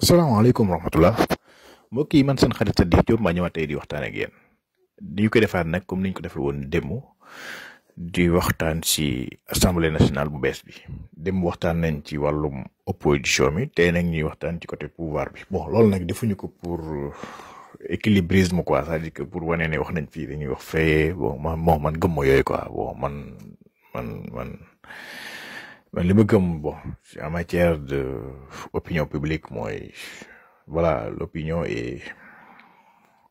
Assalamualaikum warahmatullah mbokk yi man seen xarit sa Diéth Diop maa ñëwaat di waxtaan ak yeen. Di ko defaat nak comme niñ ko defal won Demo di waxtaan ci assemblée nationale bu bes bi Dem waxtaan nañ ci walum opposition mi di nak ñuy waxtaan ci côté pouvoir bi bon lool nak defuñu ko pour équilibrisme eh, quoi ça dit que pour wone ne wax nañ fi dañuy wax bon man mo man mo yoy quoi bon man man man mais ben, le en matière de opinion publique moi voilà l'opinion est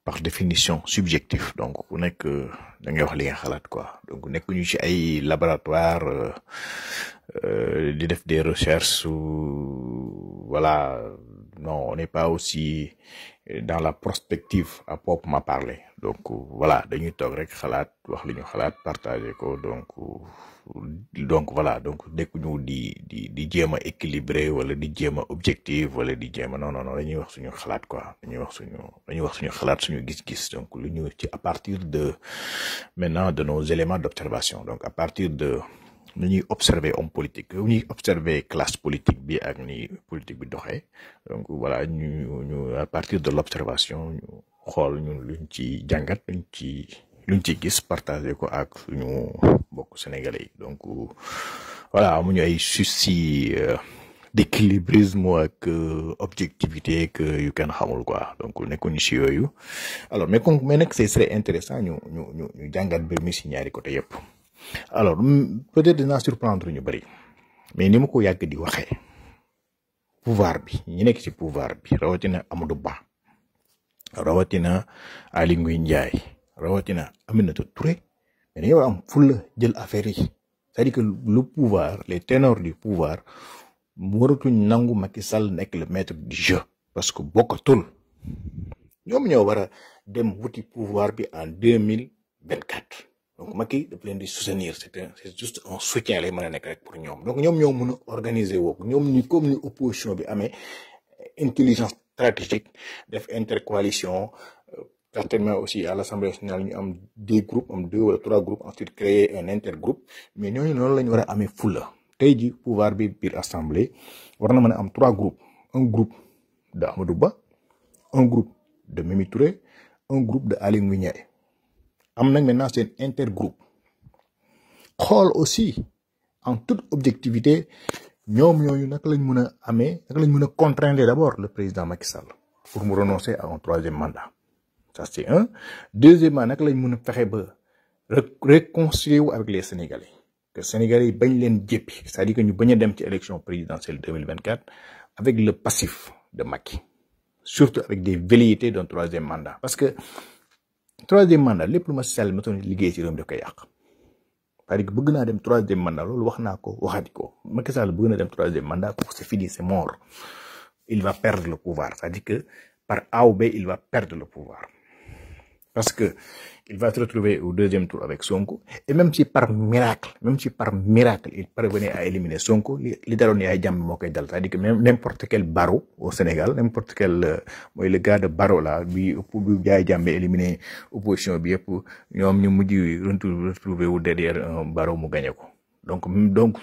par définition subjectif. donc on est que d'ailleurs quoi donc laboratoire euh, euh, des recherches voilà non, on n'est pas aussi euh, dans la perspective à m'a parlé. Donc euh, voilà, dañuy tok rek xalaat wax li ñu xalaat partagé ko donc euh, donc voilà donc que nous di di di jema a équilibré wala di jema objectif wala di jema non non non dañuy wax suñu xalaat quoi dañuy wax suñu dañuy wax suñu xalaat suñu gis-gis donc lu ci à partir de maintenant de nos éléments d'observation donc à partir de nu ñuy observer en politique nu observé la classe politique bi ak ni politique bi doxé donc voilà ñu à partir de l'observation ñu xol ñun luñ ci jàngat luñ ci luñ ci gis partager ko ak suñu bokk sénégalais donc voilà amuñu ay souci euh, d'équilibrisme ak euh, objectivité que you can xamul quoi donc nekkuñu si yooyu alors mais comme mais nag c'est très intéressant ñu ñu ñu jàngat mbir mi si ñaari côté alors peut-être dinaa surprendre ñu bari mais ni ma ko yàgg di waxee pouvoir bi ñi nekk ci pouvoir bi rawatina Amadou Ba rawatina Aly Ngouille Ndiaye rawatina Aminata Touré mais dañoo am fulla jël affaire yi c'est-à-dire que le pouvoir les ténors du pouvoir waratuñ nangu Macky Sall nekk le maître du jeu parce que bokkatul ñoom ñoo war a dem wuti pouvoir bi en 2024 donc Macky de plein de soutenir c'est juste un soutien à mën pour nous donc nous ñoo mën nous organiser woo nous ni comme ni opposition bi intelligence stratégique def intercoalition euh, certainement aussi à l'Assemblée nationale nous avons deux groupes am deux ou trois groupes ensuite créer un intergroupe mais nous avons la ñu war foule. amee pouvoir bi l'Assemblée assemblée war trois groupes un groupe d'Amadouba, un groupe de Mimi un groupe de Ali Maintenant, c'est maintenant intergroupe Call aussi en toute objectivité nous avons naka lañ contraindre d'abord le président Macky Sall pour renoncer à un troisième mandat ça c'est un deuxièmement nous lañ mën a ba réconcilier avec les Sénégalais que Sénégalais baignent les leen c'est-à-dire que nous bañ a dem ci élection présidentielle 2024 avec le passif de Macky surtout avec des velléités d'un troisième mandat parce que troisième mandat les plus ma sell ma doon liggéey ci rom mi daf koy c'est-à-dire que bëgg naa dem troisième mandat loolu waxna ko waxati ko Macky Sall bëgg na dem troisième mandat c'est fini c'est mort il va perdre le pouvoir c'est-à-dire que par A ou B il va perdre le pouvoir. Parce que il va se retrouver au deuxième tour avec Sonko. Et même si par miracle, même si par miracle, il parvenait à éliminer Sonko, c'est-à-dire que n'importe quel barreau au Sénégal, n'importe quel, euh, moi, le gars de barreau là, lui, pour lui, éliminer l'opposition, bien, pour, nous, nous, nous, retrouver derrière un barreau, qui gagner, Donc, donc,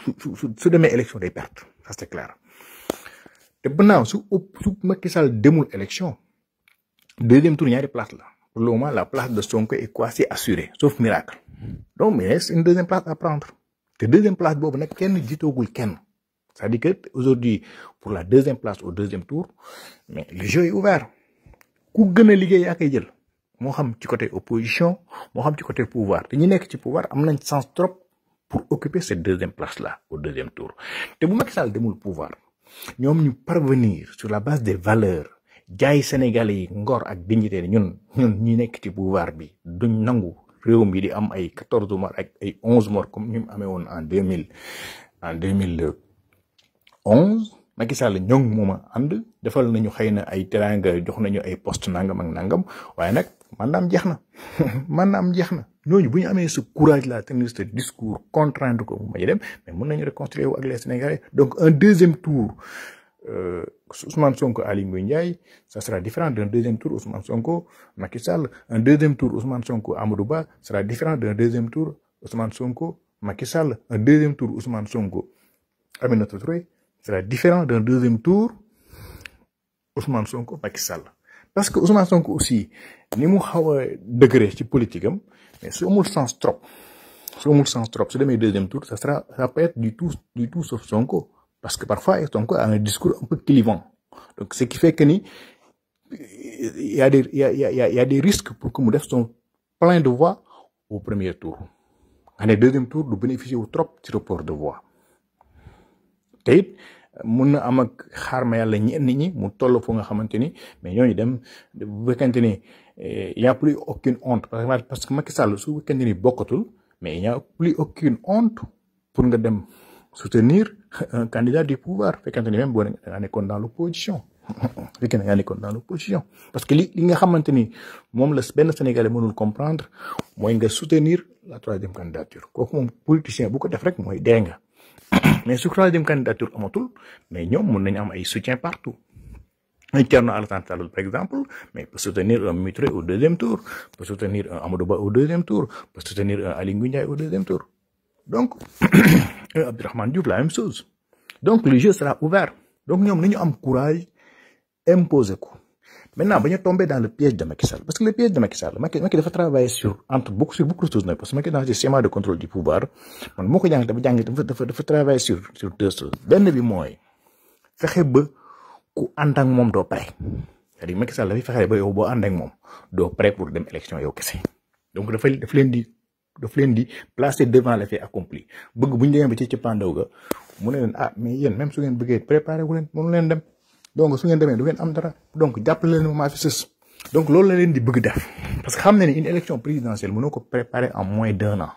sous demain élection, des pertes. Ça, c'est clair. Et maintenant, sous, sous Macky Sall deuxième élection, deuxième tour, il y a des places là. Pour le moment, la place de Sonko est quasi assurée, sauf miracle. Donc, mais reste une deuxième place à prendre. La deuxième place boobu qu'un kenn jiitoogul kenn c'est-à-dire qu'aujourd'hui, pour la deuxième place au deuxième tour mais le jeu est ouvert ku gën a y yaa koy jël Moham, xam ci côté opposition moo xam ci côté pouvoir te ñu nekk ci pouvoir am un sens trop pour occuper cette deuxième place là au deuxième tour te bu Macky Sall le pouvoir Nous ñu parvenir sur la base des valeurs jaay Sénégalais yi ngor ak dignité ni ñun ñun ñi nekkiti bu pouvoir bi duñ nangu réew mi di am ay quatorze morts ak ay onze morts comme ñu amee woon en deux mille en deux mille onze Macky Sall ñoom moom a ànd defal nañu xëy na ay teraanga jox nañu ay post nangam ak nangam waaye nag maanaam jeex na maanaam jeex na ñooñu bu ñu amee ce courage la tenir ce discours contraindre ko mu may dem mais mën nañu reconstruire wu ak les Sénégalais donc un deuxième tour euh, Ousmane Sonko Ali Ndiaye, ça sera différent d'un deuxième tour Ousmane Sonko Macky Sall, un deuxième tour Ousmane Sonko Amadouba sera différent d'un deuxième tour Ousmane Sonko Macky Sall, un deuxième tour Ousmane Sonko Aminata Touré sera différent d'un deuxième tour Ousmane Sonko Macky Sall. parce que Ousmane Sonko aussi ni mou xaw degré politique mais mais su le sens trop su le sens trop su deuxième tour ça sera ça peut être du tout du tout sauf Sonko. Parce que parfois, Sonko a un discours un peu clivant. Donc, ce qui fait que ni, il y a des, il y a, y a, y a des risques pour que Moudef soit plein de voix au premier tour. En deuxième tour, de bénéficier au trop le report de voix. peut mon mun na am ak xaar ma yàlla ñenn ñi mu toll foo nga xamante ni mais ñooñu dem bu fekkente ni eh, y' a plus aucune honte parce que Macky Sall su fekkente ni bokkatul mais il n'y a plus aucune honte pour nga dem soutenir candidat du pouvoir fekkente ne même boo da nga dans l'opposition fekkee da nga nekkoon dans l'opposition parce que li li nga xamanteni mom le la sénégalais mënul comprendre moy nga soutenir la troisième candidature kooku mom politicien bu ko def rek moy dee mais su troisième candidature amatul mais ñom mën nañ am ay soutien partout Interno Alcantara, par exemple, mais pour soutenir un Mitre au deuxième tour, pour soutenir un Amadouba au deuxième tour, pour soutenir un Alinguinia au deuxième tour. donc euh, Abdurrahman Diouf la même chose donc le jeu sera ouvert donc nous avons am courage imposer ko maintenant ba ñu tombé dans le piège de Macky Sall parce que le piège de Macky Sall Macky Macky dafa travailler sur entre beaucoup sur beaucoup de choses parce que Macky dans le schéma de contrôle du pouvoir man moo ko jàng dafa jàng dafa dafa travailler sur sur deux choses ben bi mooy fexe que ku ànd ak moom doo pare c'est-à-dire Macky Sall dafay fexe que yow boo ànd ak moom doo pare pour des élection yow kessé donc dafa dafa leen di daf leen di placer devant l'effet accompli bëgg bu ñu demee ba ci cappaandaw ga mu ne leen ah mais yéen même su ngeen bëggee préparé wu leen mënu leen dem donc su ngeen demee du ngeen am dara donc jàppale leen maa fi sës donc loolu la leen di bëgg def parce que xam na ni une élection présidentielle mënoo ko préparer en moins d'un an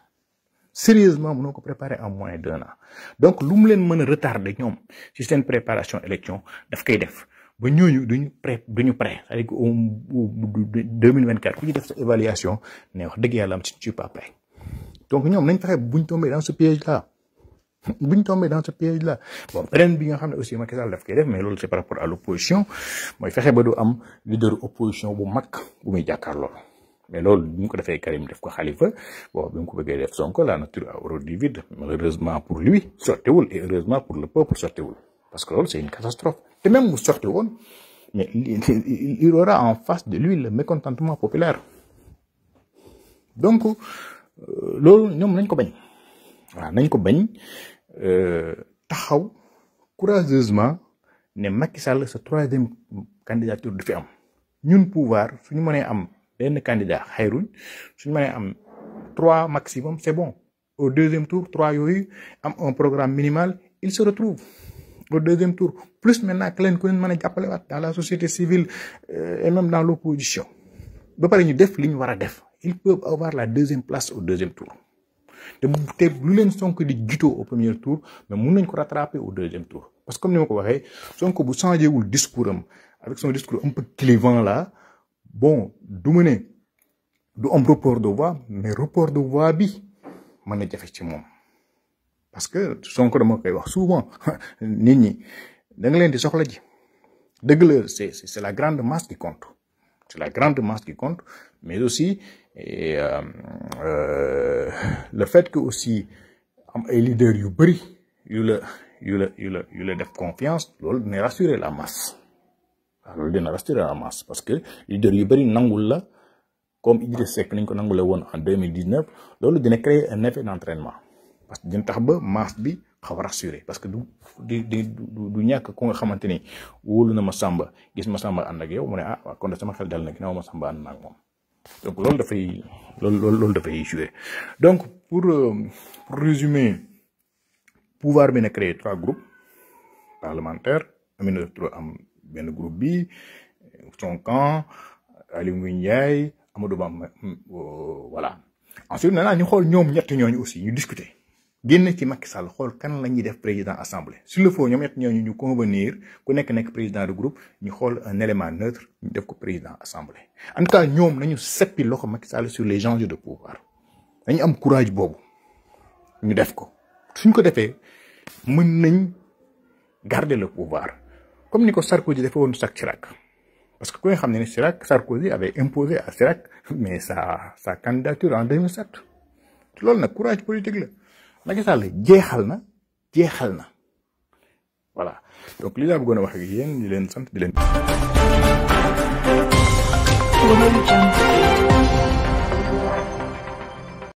sérieusement mënoo ko préparer en moins d'un an donc lu mu leen mën a retarder ñoom ci seen préparation élection daf koy def ba ñooñu duñu pré duñu pré c'est-à-dire que au 2024 ku ci def sa évaluation ne wax dëgg yàlla am ci je suis pas prêt donc nous, nañ fexe buñ tombé dans ce piège là buñ tombé dans ce piège là bon beneen bi nga xam aussi que Sall daf mais loolu c'est par rapport à l'opposition Moi, fexe ba du am leader opposition bu Mac bu muy jàkkaar mais là, nous, ñu ko defee Karim def ko Khalifa bon bi mu ko bëggee def Sonko la nature a horreur du vide malheureusement pour lui sottewul et heureusement pour le peuple sottewul parce que là, c'est une catastrophe Et même mu sotti woon mais il aura en face de lui le mécontentement populaire donc loolu ñoom lañ ko bañ waaw nañ ko bañ taxaw courageusement né Macky Sall sa troisième candidature du fi am ñun pouvoir suñu mëne am ben candidat xayruñ suñu mëne am trois maximum c'est bon au deuxième tour trois yoyu am un programme minimal il se retrouve au deuxième tour plus maintenant que ko ñu jappalé a dans la société civile euh, et même dans l'opposition ba pare ñu def li ñu def ils peuvent avoir la deuxième place au deuxième tour Ils te lu leen Sonko di au premier tour mais mun nañ ko rattraper au deuxième tour parce que comme ni l'ai dit, si Sonko bu discours avec son discours un peu clivant là bon du ma ne du report de voix mais report de voix bi effectivement parce que Sonko dama koy souvent nini, ñi nga c'est c'est la grande masse qui compte c'est la grande masse qui compte mais aussi et euh, euh, le fait que aussi am ay leader yu bari yu la yu la yu la yu la def confiance loolu dina rassurer la masse waaw ah, loolu dina rassurer la masse parce que leader yu bari nangul la comme Idriss Seck nañ ko nangulé won en 2019 mille dix neuf dina créer un effet d'entraînement parce que dina tax ba masse bi xaw a rassurer parce que du du du du ñàkk ku nga xamante ni na ma samba gis ma samba ànd ak yow mu ah kon de sama xel dal na ginnaaw ma samba ànd na ak moom donc loolu dafay l'ol da fay jouer donc pour euh, pour résumer pouvoir bi créer trois groupes parlementaires Aminata trois am ben groupe bi son camp Aly Ngouille Amadou bam euh, voilà ensuite nana naa ñu xool ñoom ñett aussi ñu discuter. génn ci Macky Sall xool kan la ñuy def président assemblée s'il le faut ñoom ñett ñooñu ñu convenir ku nekk nekk président de groupe ñu xool un élément neutre ñu def ko président assemblée en tout ñoom nañu seppi loxo Macky Sall sur les enjeux de pouvoir dañu am courage boobu ñu def ko suñ ko defee mën nañ garder le pouvoir comme ni ko Sarkozy defee woon sax Chirac parce que ku nga xam ne ne Chirac Sarkozy avait imposé à Chirac mais sa sa candidature en 2007 loolu nag Macky Sall jeexal na jeexal na voilà donc lii laa bëggoon a wax ak yéen di leen sant di leen.